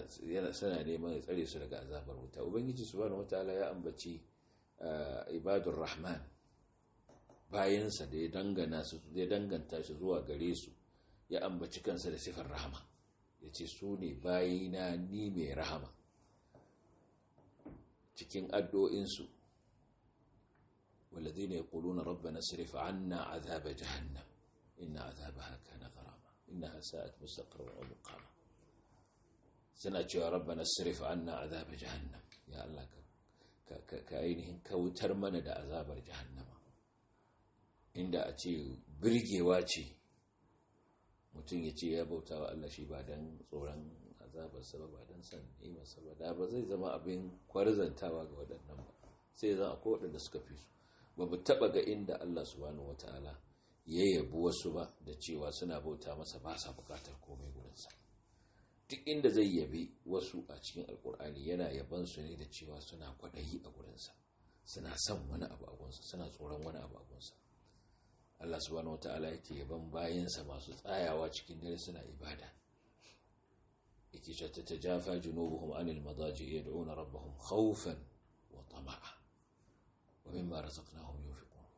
suna neman ya tsare su daga azabar wuta ubangiji subhanahu wataala ya ambaci eh, ibadur rahman bayansa da ya dangana su da ya danganta shi zuwa gare su ya ambaci kansa da sifar rahama yace su ne bayina ni mai rahama cikin addu'o'insu والذين يقولون ربنا اصرف عنا عذاب جهنم إن عذابها كان غراما إنها ساءت مستقرا ومقاما سنة يا ربنا اصرف عنا عذاب جهنم يا الله كأينهم كوتر من دا عذاب جهنم عند أتي برجي واتي mutum ya ce ya bauta wa Allah shi ba don tsoron azabarsa ba ba don san imansa ba da ba zai zama abin kwarzantawa ga waɗannan ba sai zan akwai waɗanda suka fi su ba mu taɓa ga inda Allah subhanahu wata'ala ya yabi wasu ba da cewa suna bauta masa ba sa buƙatar komai gurinsa duk inda zai yabi wasu a cikin alkur'ani yana yaban su ne da cewa suna kwaɗayi a gurinsa suna son wani abu a gunsa suna tsoron wani abu a gunsa Allah subhanahu wata'ala yake yaban bayansa masu tsayawa cikin dare suna ibada yake ta tajafa junubuhum anil madaji yad'una rabbahum khawfan wa tama'a ومما رزقناهم ينفقون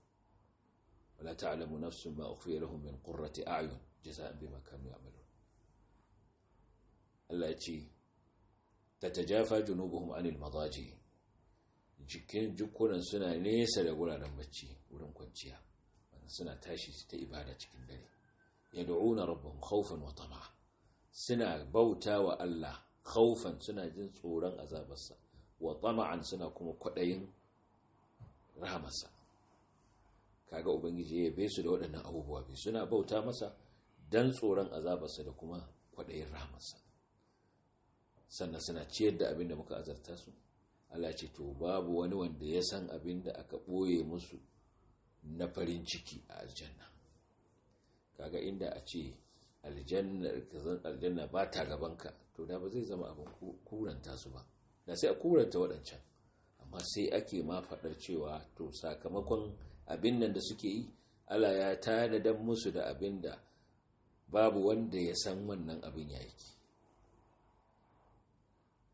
ولا تعلم نفس ما أخفي لهم من قرة أعين جزاء بما كانوا يعملون التي تتجافى جنوبهم عن المضاجع jikin jikunan suna nesa da wuraren bacci wurin kwanciya wanda suna tashi su ta ibada cikin dare yad'una rabbahum khawfan wa tama'a suna bauta wa Allah khaufan suna jin tsoron azabarsa wa tama'an suna kuma kwadayin rahamarsa kaga ubangiji ya bai su da waɗannan abubuwa bi suna bauta masa dan tsoron azabarsa da kuma kwaɗayin rahamarsa sannan suna ciyar da abin da muka azarta su Allah ce to babu wani wanda ya san abin da aka ɓoye musu na farin ciki a aljanna kaga inda a ce aljanna ba ta gabanka to da ba zai zama abin kuranta su ba da sai a kuranta waɗancan amma sai ake ma faɗar cewa to sakamakon abin nan da suke yi Allah ya dan musu da abin da babu wanda ya san wannan abin ya yake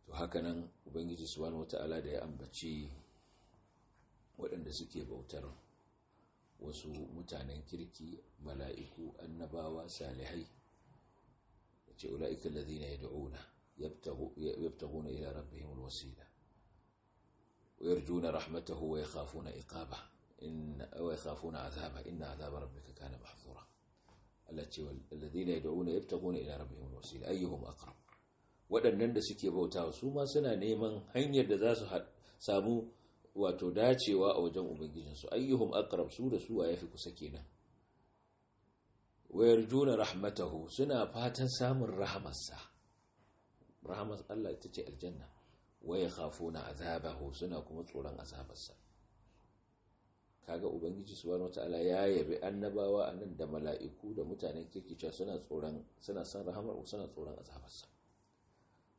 to haka nan ubangiji subhanahu wata'ala da ya ambaci waɗanda suke bautar wasu mutanen kirki mala'iku annabawa salihai ce ula'ika lazina ya da'una yabtaguna ila rabbihim alwasila ويرجون رحمته ويخافون إقابة إن ويخافون عذابه إن عذاب ربك كان محظورا الذين يدعون يبتغون إلى ربهم الوسيلة أيهم أقرب waɗannan da suke bauta su ma suna neman hanyar da za su samu wato dacewa a wajen ubangijinsu ayyuhum aqrab su da su waye fi kusa kenan wayar juna rahmatahu suna fatan samun rahamarsa rahamar Allah ita ce aljanna waya na azabahu suna kuma tsoron azabarsa kaga ubangiji subhanahu wataala ya yabi annabawa a nan da mala'iku da mutanen kirki cewa suna tsoron suna san rahamar suna tsoron azabarsa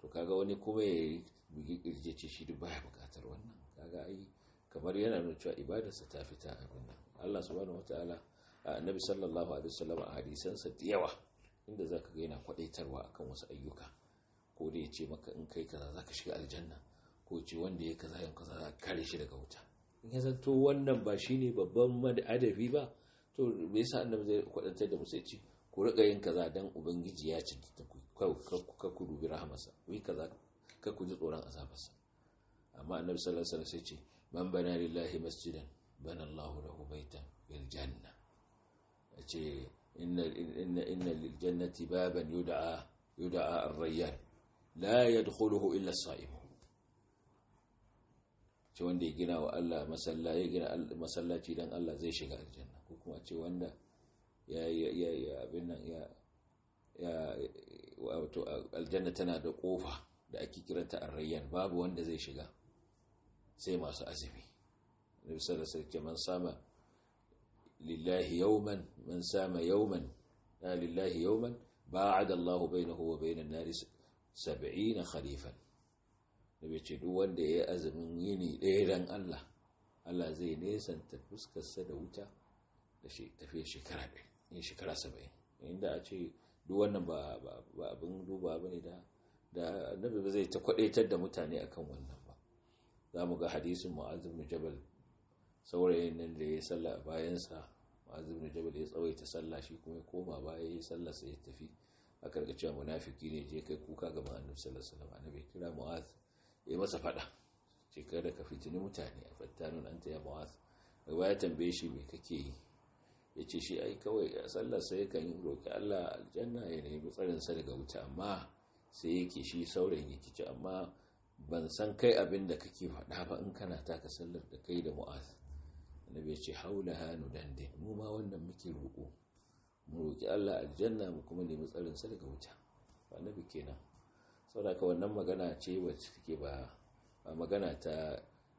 to kaga wani kuma ya bugi kirje ce shi duk baya bukatar wannan kaga ai kamar yana nuna cewa ibadarsa ta fita a nan Allah subhanahu wataala annabi sallallahu alaihi wasallam a hadisansa da yawa inda zaka ga yana kwadaitarwa akan wasu ayyuka ko dai ya ce maka in kai kaza za ka shiga aljanna ko ce wanda ya kaza yan za ka kare shi daga wuta in ya zanto wannan ba shi ne babban adabi ba to me yasa annabi zai kwadantar da mu sai ce ku rika yin kaza dan ubangiji ya ci ka ku dubi rahamarsa wai kaza ka ku ji tsoron azabarsa amma annabi sallallahu alaihi wasallam sai ce man bana lillahi masjidan bana Allahu lahu baitan fil janna ce inna inna inna lil jannati baban yud'a yud'a ar-rayyan la yadkhuluhu illa as-sa'im ce wanda ya gina wa Allah masallaci ya gina masallaci dan Allah zai shiga aljanna ko kuma ce wanda ya ya ya abin nan ya ya wato aljanna tana da kofa da ake kiranta ar-rayyan babu wanda zai shiga sai masu azumi nabi sallallahu alaihi wasallam man sama lillahi yawman man sama yawman la lillahi yawman ba'ada Allah bainahu wa bainan nar saba'ina khalifan nabi ce duk wanda ya yi azumin yini ɗaya dan Allah Allah zai nesanta fuskarsa da wuta da tafiya shekara ɗaya shekara saba'in inda a ce duk wannan ba abin duba ba ne da annabi ba zai ta kwadaitar da mutane akan wannan ba za mu ga hadisin mu'azib ibn jabal saurayin nan da ya salla bayansa mu'azib ibn jabal ya tsawaita sallah shi kuma ya koma baya ya sallah sai ya tafi a riga cewa munafiki ne je kai kuka ga annabi sallallahu alaihi wasallam annabi kira mu'az ya masa fada ce kada ka fitini mutane a fattanun anta ya mu'az gaba ya tambaye shi me kake yi yace shi ai kawai a sallar sai kan roki Allah aljanna ya nemi tsarin sa daga wuta amma sai yake shi saurayin yake ci amma ban san kai abin da kake faɗa ba in kana taka sallar da kai da mu'az annabi ya ce haula hanu dande mu ma wannan muke roƙo mu roƙi Allah aljanna mu kuma nemi tsarin sa daga wuta annabi kenan saboda ka wannan magana ce wacce take ba ba magana ta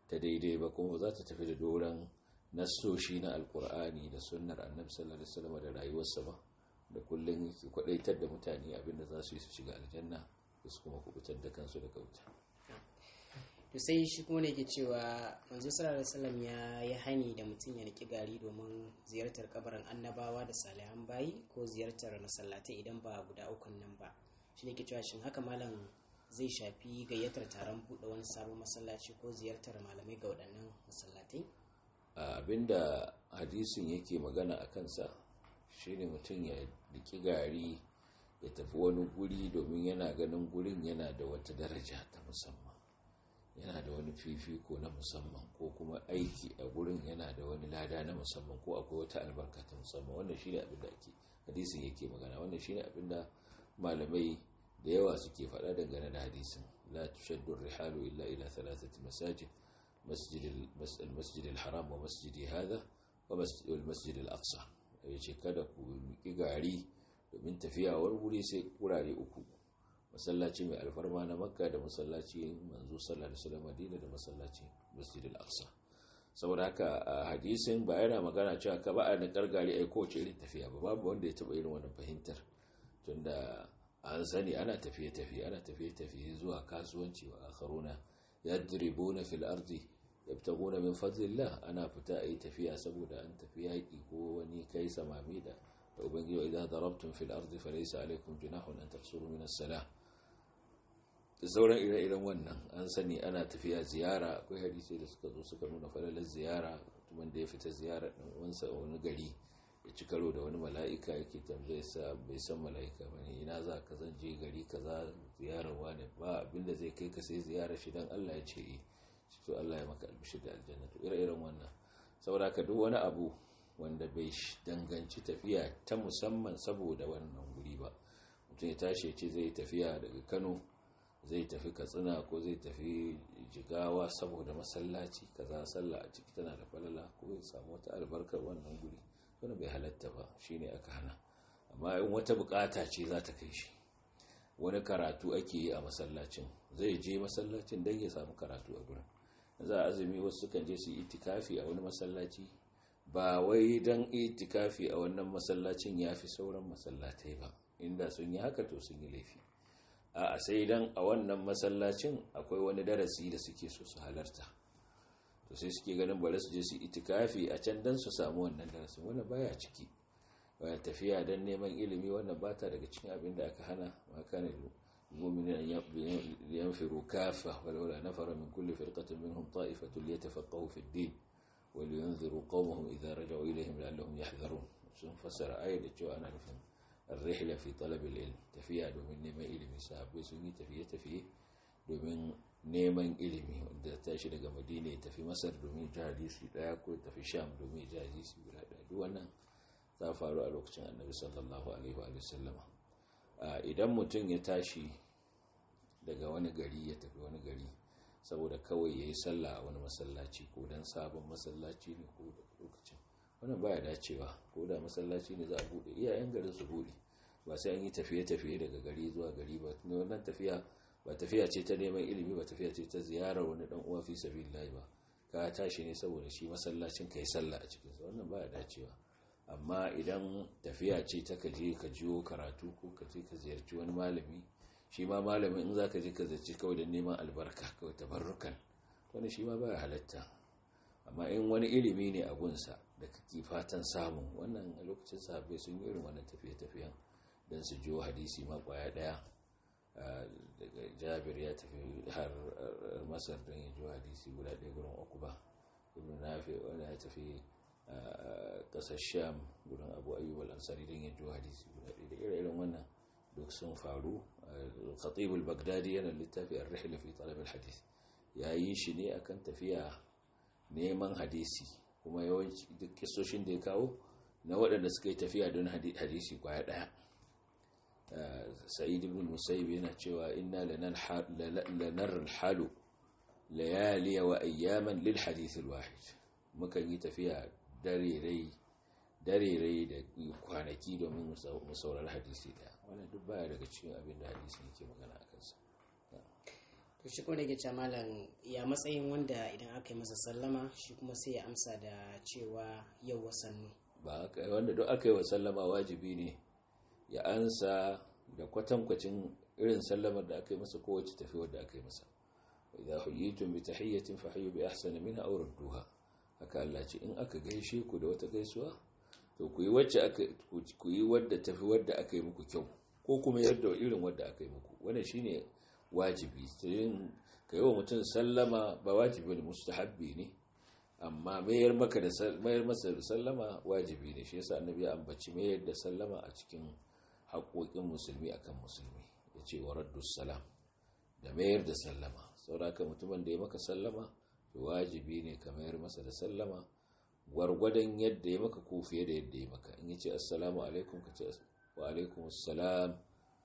ta daidai ba kuma za ta tafi da doran nasoshi na alkur'ani da sunnar annabi sallallahu alaihi wasallam da rayuwarsa ba da kullun ki kwadaitar da mutane abinda za su yi su shiga aljanna su kuma kubutar da kansu daga wuta to sai shi kuma ne ke cewa manzo sallallahu alaihi wasallam ya yi hani da mutum ya niki gari domin ziyartar kabarin annabawa da salihan bayi ko ziyartar masallatai idan ba guda uku nan ba shi ne ke cewa shin haka malam zai shafi gayyatar taron buɗe wani sabon masallaci ko ziyartar malamai ga waɗannan masallatai abinda hadisin yake magana a kansa shine mutum ya riki gari ya tafi wani guri domin yana ganin gurin yana da wata daraja ta musamman yana da wani fifiko na musamman ko kuma aiki a gurin yana da wani lada na musamman ko akwai wata albarka ta musamman wannan shine abin da ake hadisin yake magana wannan shine abin da malamai da yawa suke faɗa dangane da hadisin la tushaddu rihalu illa ila thalathati masajid masjid al-haram wa masjid hadha wa masjid al-aqsa yace kada ku yi gari domin tafiya wani wuri sai kurare uku masallaci mai alfarma na makka da masallaci manzo sallallahu alaihi wasallam madina da masallaci masjid al-aqsa saboda haka hadisin ba yana magana cewa ka ba a na gargare ai kowace irin tafiya ba babu wanda ya taba irin wannan fahimtar tunda an sani ana tafiye tafiye ana tafiye tafiye zuwa kasuwanci wa akharuna yadribuna fil ardi yabtaguna min fadlillah ana fita ayi tafiya saboda an tafi yaki ko wani kai samami da ubangiji idan darabtum fil ardi falaysa alaykum junahun an taqsuru min as-salah da sauran ire-iren wannan an sani ana tafiya ziyara akwai hadisai da suka zo suka nuna falalar ziyara mutumin da ya fita ziyara ɗan wansa wani gari ya ci karo da wani mala'ika yake sa bai san mala'ika ba ne ina za ka zan je gari za ziyarar wani ba abinda zai kai ka sai ziyara shi dan Allah ya ce yi eh. shi to Allah ya maka albishi da aljanna to ire-iren wannan saboda ka duk wani abu wanda bai danganci tafiya ta musamman saboda wannan guri ba mutum ya tashi ya ce zai tafiya daga Kano zai tafi katsina ko zai tafi jigawa saboda masallaci kaza sallah a ciki tana da falala ko ya samu wata albarkar wannan guri wani bai halatta ba shine aka hana amma in wata bukata ce za ta kai shi wani karatu ake yi a masallacin zai je masallacin don ya samu karatu a gurin za a azumi wasu sukan je su yi itikafi a wani masallaci ba wai don itikafi a wannan masallacin ya fi sauran masallatai ba inda sun yi haka to sun yi laifi a sai idan a wannan masallacin akwai wani darasi da suke so su halarta to sai suke ganin Bala su je su itikafi a can dan su samu wannan darasin ba baya ciki baya tafiya dan neman ilimi wannan bata daga cikin abin da aka hana ma kana المؤمنين أن ينفروا كافة ولولا نفر من كل فرقة منهم طائفة ليتفقهوا في الدين ولينذروا قومهم إذا رجعوا إليهم لعلهم يحذرون sun fassara ayar da cewa ana nufin ar-rihla fi talab ilm tafiya domin neman ilimi sahabbai sun yi tafiye tafiye domin neman ilimi wanda ta tashi daga madina ya tafi masar domin ji hadisi daya ko ya tafi sham domin ji hadisi guda daya duk wannan ta faru a lokacin annabi sallallahu alaihi wa sallama idan mutum ya tashi daga wani gari ya tafi wani gari saboda kawai ya yi sallah a wani masallaci ko don sabon masallaci ne ko wannan baya dacewa ko da masallaci ne za a bude iyayen garin su bude ba sai an yi tafiye-tafiye daga gari zuwa gari ba ne wannan tafiya ba tafiya ce ta neman ilimi ba tafiya ce ta ziyara wani dan uwa fi sabilillahi ba ka tashi ne saboda shi masallacin ka sallah a cikin wannan baya dacewa amma idan tafiya ce ta kaje ka jiyo karatu ko ka je ka ziyarci wani malami shi ma malamin in zaka je ka ziyarci kawai dan neman albarka kawai tabarrukan wannan shi ma baya halatta amma in wani ilimi ne a gunsa da kake fatan samu wannan lokacin sahabbai sun yi irin wannan tafiye-tafiyen don su jiwo hadisi ma kwaya daya ah, daga jabir ya tafi har masar don ya jiwo hadisi guda ɗaya gurin okuba ibn nafi wanda ya tafi ah, ƙasar sham gurin abu ayyub ansari don ya jiwo hadisi guda ɗaya da irin wannan duk sun faru khatibul bagdadi yana littafi ar-rihla fi talab al-hadith yayi shi ne akan tafiya neman hadisi kuma yawanci duk kisoshin da ya kawo na waɗanda suka yi tafiya don hadisi kwaya ɗaya eh, sa'id ibn musayyib yana cewa inna lanar halu. layaliya wa ayyaman lil hadith wahid mukan yi tafiya dare dare da kwanaki domin mu saurari hadisi ɗaya wannan duk baya daga cikin abin da hadisi yake magana a kansa to shi kuma da malam ya matsayin wanda idan aka yi masa sallama shi kuma sai ya amsa da cewa yau wasannu ba wanda duk aka yi wa sallama wajibi ne ya ansa da kwatankwacin irin sallamar da aka yi masa kowace tafiyar da aka yi masa idan huyitum bi tahiyyatin fa hayyu bi ahsani minha aw radduha haka Allah ce in aka gaishe ku da wata gaisuwa to ku yi wacce aka ku yi wadda tafi wadda aka yi muku kyau ko kuma yadda irin wadda aka yi muku wannan shine wajibi ka yi wa mutum sallama ba wajibi ne mustahabbi ne amma mayar masa da sallama wajibi ne shi yasa annabi ambaci mayar da sallama a cikin haƙoƙin musulmi akan musulmi ya ce wa raddus salam da mayar da sallama sauraka mutumin da ya maka sallama to wajibi ne ka mayar masa da sallama gwargwadon yadda ya maka ko fiye da yadda ya maka in ce assalamu alaikum ka ce wa alaikum assalam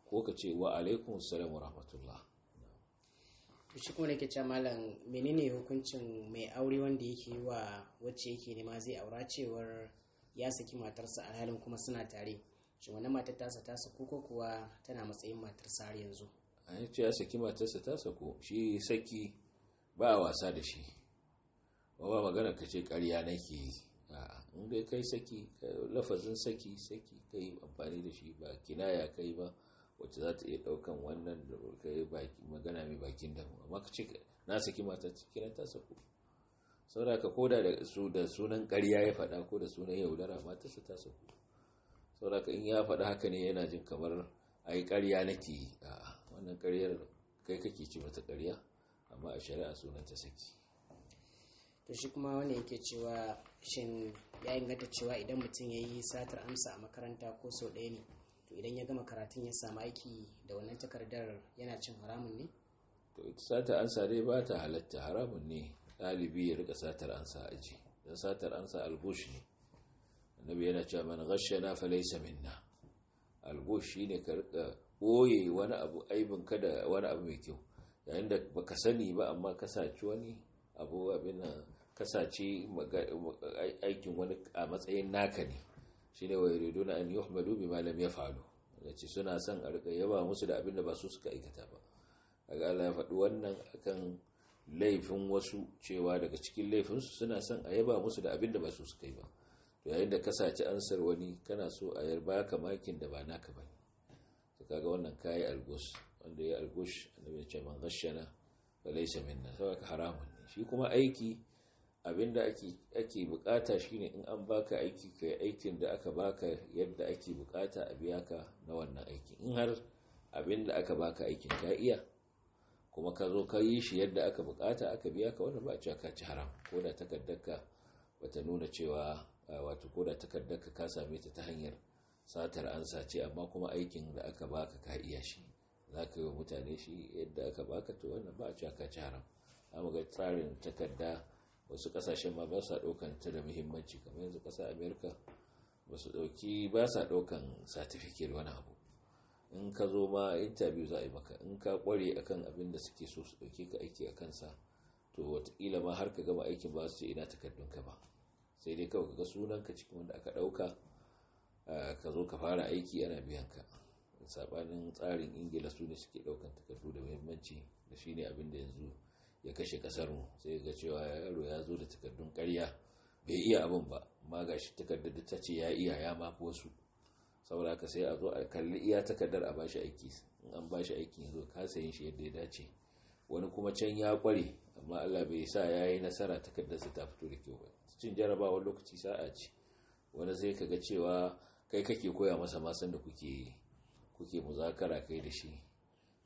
ko ka ce wa alaikum assalam wa rahmatullah shi kuma nake cewa malam menene hukuncin mai aure wanda yake yi wa wacce yake nema zai aura cewar ya saki matarsa a halin kuma suna tare shi wannan matar tasa ta saku ko kuwa tana matsayin matarsa har yanzu an ce ya saki matarsa ta ko shi saki ba wasa da shi ba magana ka ce ƙarya nake yi a in dai kai saki lafazin saki saki kai amfani da shi ba kinaya kai ba wacce za ta iya ɗaukan wannan da ka yi magana mai bakin da amma ka ce na saki mata ta saku saboda ka koda da sunan ƙarya ya faɗa ko da sunan yaudara matarsa ta saku saboda ka in ya faɗa haka ne yana jin kamar ai ƙarya nake a a'a wannan ƙaryar kai kake ci mata ƙarya amma a shari'a sunan ta saki to shi kuma wanda yake cewa shin ya inganta cewa idan mutum ya yi satar amsa a makaranta ko sau ɗaya ne to idan ya gama karatun ya samu aiki da wannan takardar yana cin haramun ne to ita satar ansa dai ba ta halatta haramun ne ɗalibi ya rika satar ansa aji don satar ansa algush ne annabi yana cewa man na fa laysa minna algush ne ka rika boye wani abu aibin ka da wani abu mai kyau yayin da ba ka sani ba amma ka saci wani abu abin nan ka saci aikin wani a matsayin naka ne shine wa yuriduna an yuhmadu bima lam yafalu yace suna son a rika yaba musu da abin da ba su suka aikata ba kaga Allah ya faɗi wannan akan laifin wasu cewa daga cikin laifinsu suna son a yaba musu da abin da ba su suka yi ba to yayin da ka saci ansar wani kana so a yarba ka makin da ba naka bane to kaga wannan kai algos wanda ya algosh annabi ya ce man ghashana fa minna saboda haramun ne shi kuma aiki abinda ake ake bukata shine in an baka aiki kai aikin da aka baka yadda ake bukata a biya ka na wannan aikin in har abinda aka baka aikin ka iya kuma ka zo ka yi shi yadda aka bukata aka biya ka wannan ba a cewa ka ci haram ko da takardarka bata nuna cewa wato ko da takardarka ka same ta ta hanyar satar an sace amma kuma aikin da aka baka ka iya shi za ka yi mutane shi yadda aka baka to wannan ba a cewa ka ci haram amma ga tsarin takarda wasu kasashen ma ba sa ɗaukan ta da muhimmanci kamar yanzu ƙasar amerika ba su ɗauki ba sa ɗaukan certificate wani abu in ka zo ma interview za a yi maka in ka kware akan abin da suke so su ɗauke ka aiki a kansa to wataƙila ma har ka gama aikin ba su ce ina ka ba sai dai kawai ga sunan ka cikin wanda aka ɗauka ka zo ka fara aiki ana biyan ka sabanin tsarin ingila su ne suke ɗaukan takardu da muhimmanci da shine abin da yanzu ya kashe kasar mu sai ga cewa yaro ya zo da takardun ƙarya bai iya abin ba amma gashi takardar da ta ce ya iya ya mafi wasu saboda ka sai a zo a kalli iya takardar a bashi aiki in an bashi aiki yanzu ka sayin shi yadda ya dace wani kuma can ya kware amma Allah bai sa ya yi nasara takardar su ta fito da kyau ba cin jarabawa lokaci sa'a ce wani sai ka ga cewa kai kake koya masa masan da kuke kuke muzakara kai da shi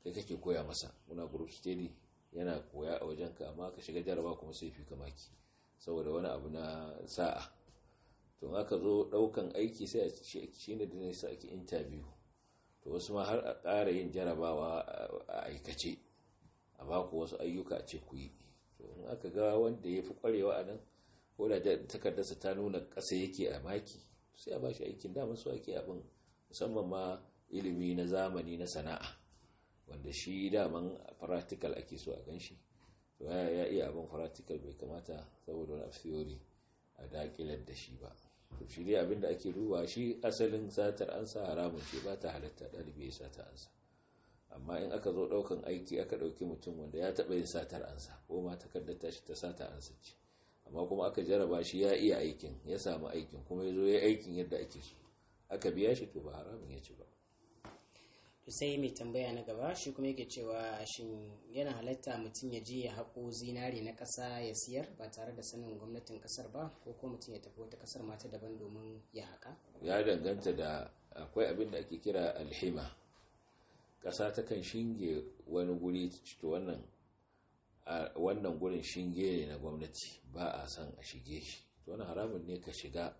kai kake koya masa muna group study yana koya a wajen ka amma ka shiga jaraba kuma sai fi ka maki saboda wani abu na sa'a to ka zo daukan aiki sai a shi ne da nisa ake interview to wasu ma har a ƙara yin jarabawa a aikace a baku wasu ayyuka a ce ku yi to in aka ga wanda ya fi kwarewa a nan ko da takardarsa ta nuna ƙasa yake a maki sai a ba shi aikin damar su ake abin musamman ma ilimi na zamani na sana'a wanda shi daman practical ake so a gan shi to ya iya abin practical bai kamata saboda wani theory a dakilar da shi ba to shi dai abin da ake duba shi asalin satar ansa haramun ce ba ta halatta ɗalibi ya sata ansa amma in aka zo ɗaukan aiki aka ɗauki mutum wanda ya taba yin satar ansa ko ma kaddata shi ta sata ansa ce amma kuma aka jaraba shi ya iya aikin ya samu aikin kuma ya zo ya aikin yadda ake so aka biya shi to ba haramun ya ci ba sai mai tambaya na gaba shi kuma yake cewa shin yana halatta mutum ya je ya haƙo zinari na ƙasa ya siyar ba tare da sanin gwamnatin ƙasar ba ko kuma mutum ya tafi wata ƙasar mata daban domin ya haƙa ya danganta da akwai abin da ake kira alhima ƙasa ta kan shinge wani guri ta wannan wannan gurin shinge ne na gwamnati ba a san a shige shi to wani haramun ne ka shiga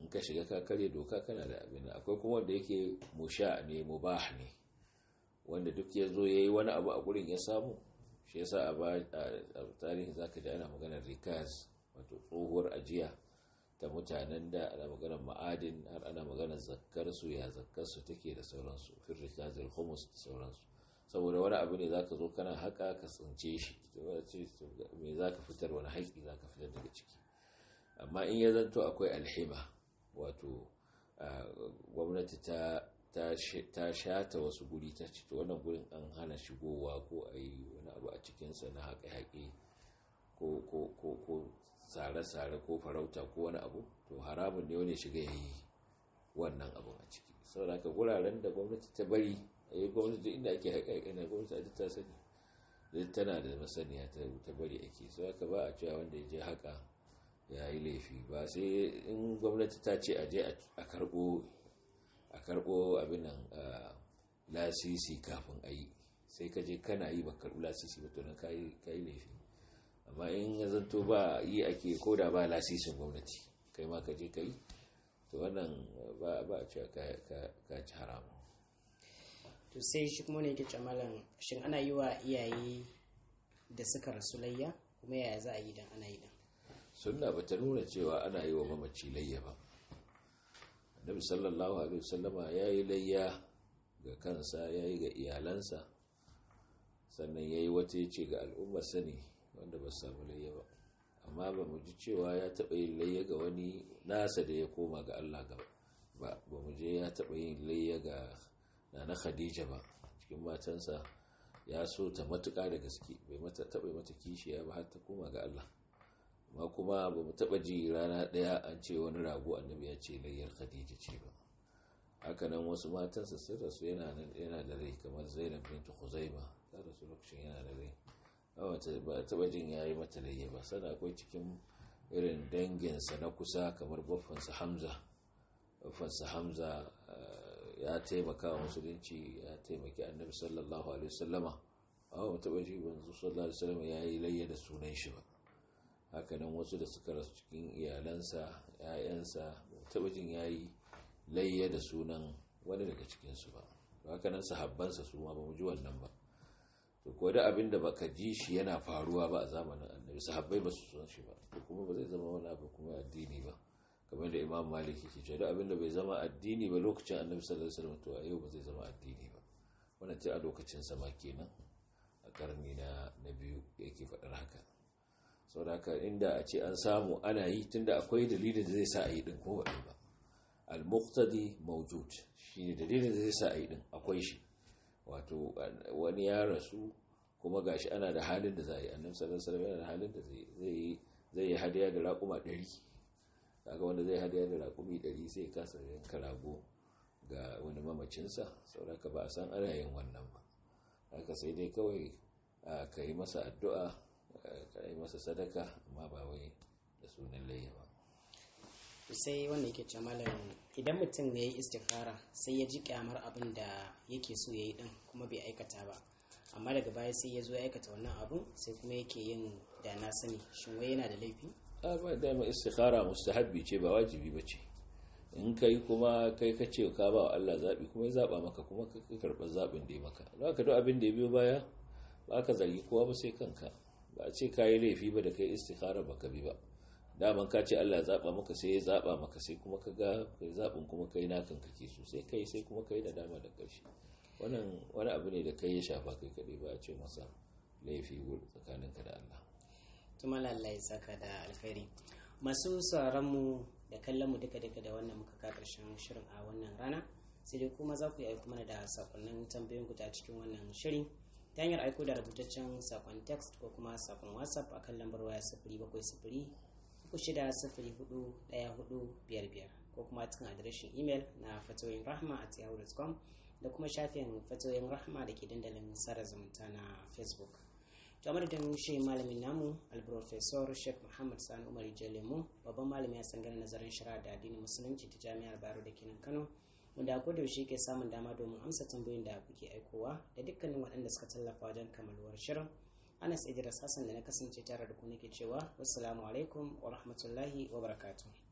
in ka shiga ka karya doka kana da abin akwai kuma wanda yake musha ne mubah ne wanda duk ya zo yayi wani abu a gurin ya samu shi yasa a ba a tarihi zaka ji ana maganar rikaz wato tsohuwar ajiya ta mutanen da ana maganar ma'adin har ana maganar zakkar su ya zakkar su take da sauransu fil rikazil khums da sauransu saboda wani abu ne zaka zo kana haka ka tsince shi me zaka fitar wani haƙi zaka fitar daga ciki amma in ya zanto akwai alhima wato gwamnati ta ta shata wasu guri ta ce wannan gurin an hana shigowa ko a yi wani abu a cikinsa na haƙe-haƙe ko tsare-tsare ko farauta ko wani abu to haramun ne wani shiga ya yi wannan abun a ciki da ka guraren da gwamnati ta bari a eh, yi gwamnati inda ake haƙe-haƙe na gwamnati a ta sani tana da masaniya ta bari ake da ka ba a cewa wanda ya je haƙa? ya yi laifi ba sai in gwamnati ta ce a je a karbo a karbo abin nan lasisi kafin a yi sai ka je kana yi ba karbi lasisi ba to ka yi laifi amma in ya zanto ba yi ake ko da ba lasisin gwamnati kai ma ka je ka yi to wannan ba a cewa ka ci haramu to sai shi kuma ne ke camalan shin ana yi wa iyaye da suka rasu layya kuma yaya za a yi dan ana yi dan sunna ba ta nuna cewa ana yi wa mamaci layya ba annabi sallallahu alaihi wasallama ya yi layya ga kansa ya yi ga iyalansa sannan ya yi wata ya ce ga al'ummar sani wanda ba samu layya ba amma ba mu ji cewa ya taɓa yin layya ga wani nasa da ya koma ga allah gaba ba ba mu je ya taɓa yin layya ga nana khadija ba cikin matansa ya so ta matuka da gaske bai mata taɓa mata kishiya ba har ta koma ga allah ma kuma ba mu taɓa ji rana ɗaya an ce wani rago annabi ya ce layyar khadija ce ba haka nan wasu matansa sun su yana da rai kamar zainab bint khuzaima ta rasu lokacin yana da rai ba taɓa jin ya mata layya ba sana akwai cikin irin danginsa na kusa kamar sa hamza sa hamza eh, ya taimaka wa musulunci ya taimaki annabi sallallahu alaihi wasallama a wata taɓa ji banzu sallallahu alaihi wasallama ya yi layya da sunan shi ba hakanan wasu da suka rasu cikin iyalansa ‘ya'yansa taba jin ya yi layya da sunan wani daga cikinsu ba hakanan sahabbansa su ma ba mu ji wannan ba to ko da abin da baka ji shi yana faruwa ba a zamanin annabi sahabbai ba su san shi ba to kuma ba zai zama wani abu kuma addini ba kamar da imam maliki ke cewa abin da bai zama addini ba lokacin annabi sallallahu alaihi wasallam to a yau ba zai zama addini ba wannan ce a lokacin sama kenan a karni na biyu yake faɗar haka sau da inda a ce an samu ana yi tunda akwai dalilin da zai sa a yi din ko ba ba al-muqtadi shi ne dalilin da zai sa a yi din akwai shi wato wani ya rasu kuma ga shi ana da halin da zai annabi sallallahu alaihi wasallam yana da halin da zai zai yi hadiya da raƙuma 100 kaga wanda zai hadiya da raƙumi 100 sai kasa yanka rago ga wani mamacinsa sauraka ba a san ana yin wannan ba haka sai dai kawai ka yi masa addu'a ka masa sadaka amma ba wai da sunan layya ba sai wanda yake ce malamin idan mutum ne ya yi istikhara sai ya ji kyamar abin da yake so ya yi din kuma bai aikata ba amma daga baya sai ya zo ya aikata wannan abun sai kuma yake yin da na sani shin wai yana da laifi a ba mai istikhara mustahabbi ce ba wajibi ba ce in kai kuma kai ka ce ka ba wa Allah zabi kuma ya zaɓa maka kuma ka karɓar zaɓin da ya maka za ka duk abin da ya biyo baya ba ka zargi kowa ba sai kanka ba a ce ka yi laifi ba da kai istikhara ba ka bi ba daman ka ce Allah zaɓa maka sai ya zaɓa maka sai kuma ka ga kai zaɓin kuma kai nakan kake so sai kai sai kuma kai da dama da ƙarshe wani abu ne da kai ya shafa kai kaɗai ba a ce masa laifi ka da Allah tuma lallai saka da alkhairi masu mu da kallon mu duka duka da wannan muka ka karshen shirin a wannan rana sai dai kuma za ku yi aiki mana da sakonnin tambayoyin ku ta cikin wannan shirin ta hanyar aiko da rubutaccen sakon text ko kuma sakon whatsapp a kan lambar waya sifiri bakwai sifiri hudu hudu biyar ko kuma cikin adireshin imel na fatoyin rahama a tiyahu.com da kuma shafin fatoyin rahama da ke dandalin sarar zumunta na facebook to madadin shi malamin namu alprofesor sheikh muhammad sani umar jalemu babban malami a sangar nazarin shari'a da addinin musulunci ta jami'ar bayero da kenan kano wanda a da yaushe yake samun dama domin amsa tambayoyin da kuke aikowa da dukkanin waɗanda suka tallafa wajen kamaluwar shirin anas idris hassan da na kasance tare da ku nake cewa wassalamu alaikum wa rahmatullahi wa barakatuh